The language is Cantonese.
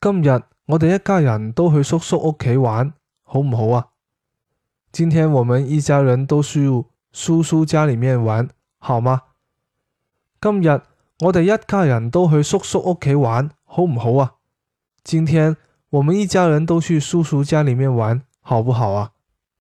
今日我哋一家人都去叔叔屋企玩，好唔好啊？今天我們一家人都去叔叔家裏面玩，好嗎？今日我哋一家人都去叔叔屋企玩，好唔好啊？今天我們一家人都去叔叔家裏面玩，好不好啊？